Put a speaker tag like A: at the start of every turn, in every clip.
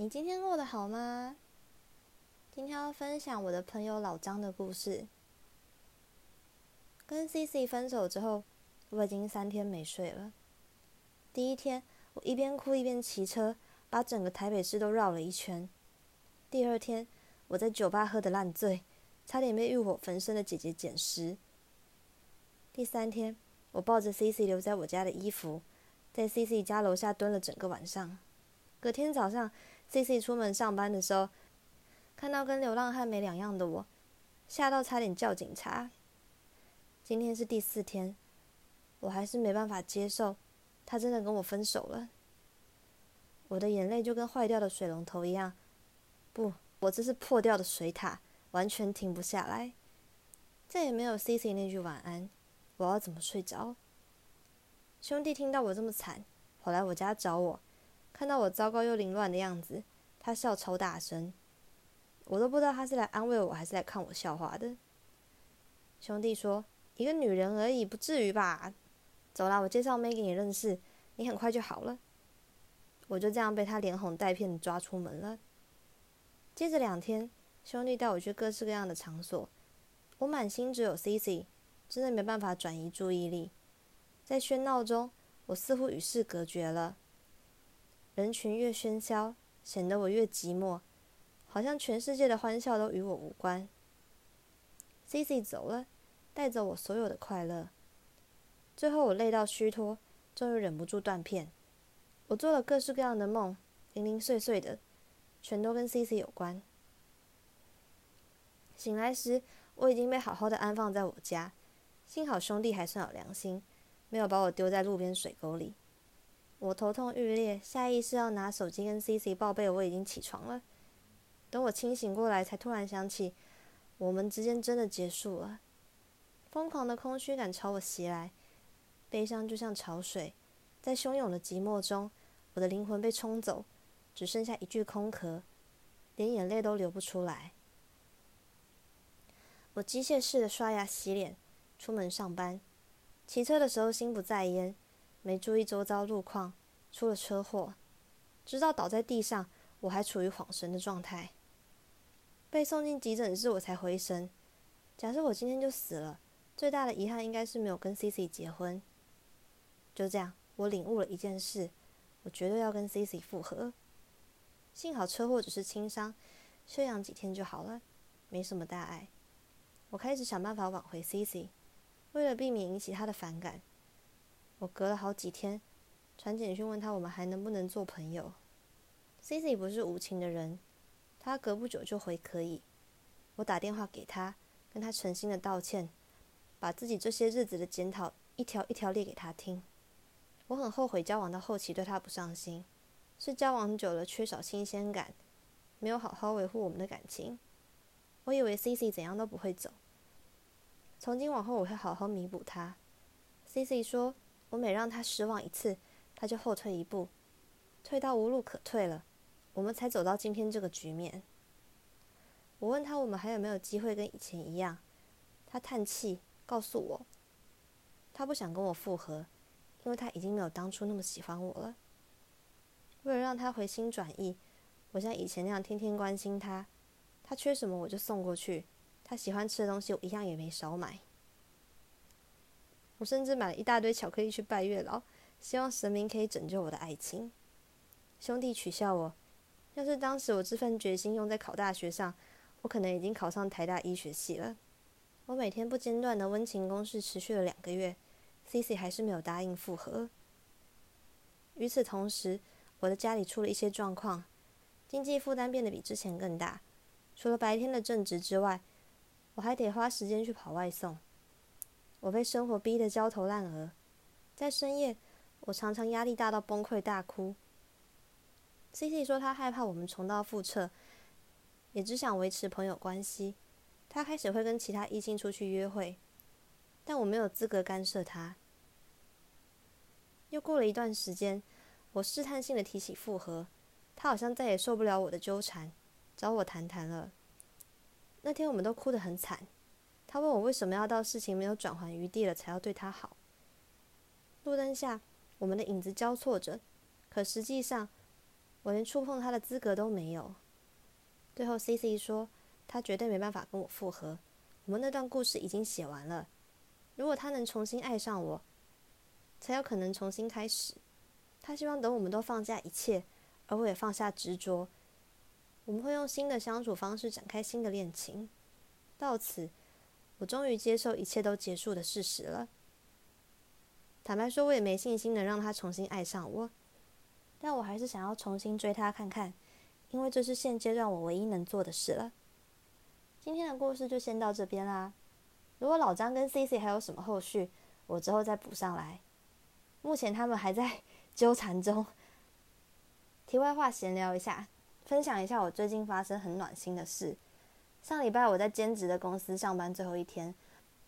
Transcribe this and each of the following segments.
A: 你今天過得好嗎？今天要分享我的朋友老張的故事。跟 C C 分手之後，我已經三天沒睡了。第一天，我一邊哭一邊騎車，把整個台北市都繞了一圈。第二天，我在酒吧喝得爛醉，差點被欲火焚身的姐姐撿屍。第三天，我抱着 C C 留在我家的衣服，在 C C 家樓下蹲了整個晚上。隔天早上，CC 出門上班的時候，看到跟流浪漢沒兩樣的我，嚇到差點叫警察。今天是第四天，我還是沒辦法接受，他真的跟我分手了。我的眼淚就跟壞掉的水龍頭一樣，不，我這是破掉的水塔，完全停不下來。再也沒有 CC 那句晚安，我要怎麼睡着？兄弟聽到我這麼慘，跑來我家找我。看到我糟糕又凌亂的樣子，他笑超大聲，我都不知道他是來安慰我還是來看我笑話的。兄弟說：“一個女人而已，不至於吧？”走啦，我介紹妹給你認識，你很快就好了。我就這樣被他連哄帶騙抓出門了。接着兩天，兄弟帶我去各式各樣的場所，我滿心只有 Cici，真的沒辦法轉移注意力。在喧鬧中，我似乎與世隔絕了。人群越喧囂，顯得我越寂寞，好像全世界的歡笑都與我無關。Cici 走了，帶走我所有的快樂。最後我累到虛脫，終於忍不住斷片。我做了各式各樣的夢，零零碎碎的，全都跟 Cici 有關。醒來時，我已經被好好的安放在我家，幸好兄弟還算有良心，沒有把我丟在路邊水溝裡。我頭痛欲裂，下意識要拿手機跟 CC 報備，我已經起床了。等我清醒過來，才突然想起，我們之間真的結束了。瘋狂的空虛感朝我襲來，悲傷就像潮水，在洶湧的寂寞中，我的靈魂被沖走，只剩下一具空殼，連眼淚都流不出來。我機械式的刷牙洗臉，出門上班，騎車的時候心不在焉。沒注意周遭路況，出了車禍。直到倒在地上，我還處於恍神的狀態。被送進急診室，我才回神。假設我今天就死了，最大的遺憾應該是沒有跟 Cici 結婚。就這樣，我領悟了一件事：我絕對要跟 Cici 復合。幸好車禍只是輕傷，休養幾天就好了，沒什麼大礙。我開始想辦法挽回 Cici，為了避免引起她的反感。我隔了好幾天，傳簡訊問他我們還能不能做朋友。CC 不是無情的人，他隔不久就回可以。我打電話給他，跟他誠心的道歉，把自己這些日子的檢討一條一條列給他聽。我很後悔交往到後期對他不上心，是交往久了缺少新鮮感，沒有好好維護我們的感情。我以為 CC 怎樣都不會走。從今往後我會好好彌補他。CC 說。我每讓他失望一次，他就後退一步，退到無路可退了，我們才走到今天這個局面。我問他，我們還有沒有機會跟以前一樣？他嘆氣告訴我，他不想跟我復合，因為他已經沒有當初那麼喜歡我了。為了讓他回心轉意，我像以前那樣天天關心他，他缺什麼我就送過去，他喜歡吃的東西我一樣也沒少買。我甚至買了一大堆巧克力去拜月老，希望神明可以拯救我的愛情。兄弟取笑我，要是當時我這份決心用在考大學上，我可能已經考上台大醫學系了。我每天不間斷的溫情攻勢持續了兩個月，Cici 還是沒有答應複合。與此同時，我的家裡出了一些狀況，經濟負擔變得比之前更大。除了白天的正職之外，我還得花時間去跑外送。我被生活逼得焦頭爛額，在深夜，我常常壓力大到崩潰大哭。CC 說她害怕我們重蹈覆轍，也只想維持朋友關係。她開始會跟其他異性出去約會，但我沒有資格干涉她。又過了一段時間，我試探性的提起複合，她好像再也受不了我的糾纏，找我談談了。那天我們都哭得很慘。他問我為什麼要到事情沒有轉圜餘地了才要對他好？路燈下，我們的影子交錯着，可實際上，我連觸碰他的資格都沒有。最後，C C 說，他絕對沒辦法跟我復合，我們那段故事已經寫完了。如果他能重新愛上我，才有可能重新開始。他希望等我們都放下一切，而我也放下執着，我們會用新的相處方式展開新的戀情。到此。我終於接受一切都結束的事實了。坦白說，我也沒信心能讓他重新愛上我，但我還是想要重新追他看看，因為這是現階段我唯一能做的事了。今天的故事就先到這邊啦。如果老張跟 CC 還有什麼後續，我之後再補上來。目前他們還在糾纏中。題外話，閒聊一下，分享一下我最近發生很暖心的事。上禮拜我在兼職的公司上班最後一天，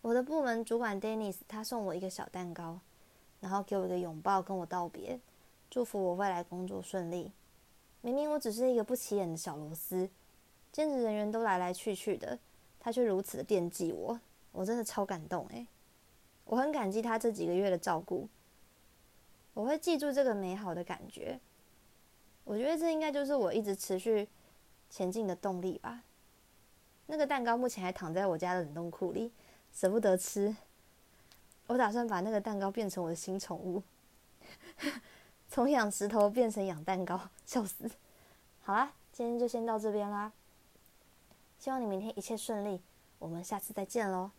A: 我的部門主管 Dennis 他送我一個小蛋糕，然後給我一個擁抱跟我道別，祝福我未來工作順利。明明我只是一個不起眼的小螺絲，兼職人員都來來去去的，他卻如此的惦記我，我真的超感動欸，我很感激他這幾個月的照顧，我會記住這個美好的感覺。我覺得這應該就是我一直持續前進的動力吧。那個蛋糕目前還躺在我家的冷凍庫裡，捨不得吃。我打算把那個蛋糕變成我的新寵物， 從養石頭變成養蛋糕，笑死！好啦，今天就先到這邊啦。希望你明天一切順利，我們下次再見嘍。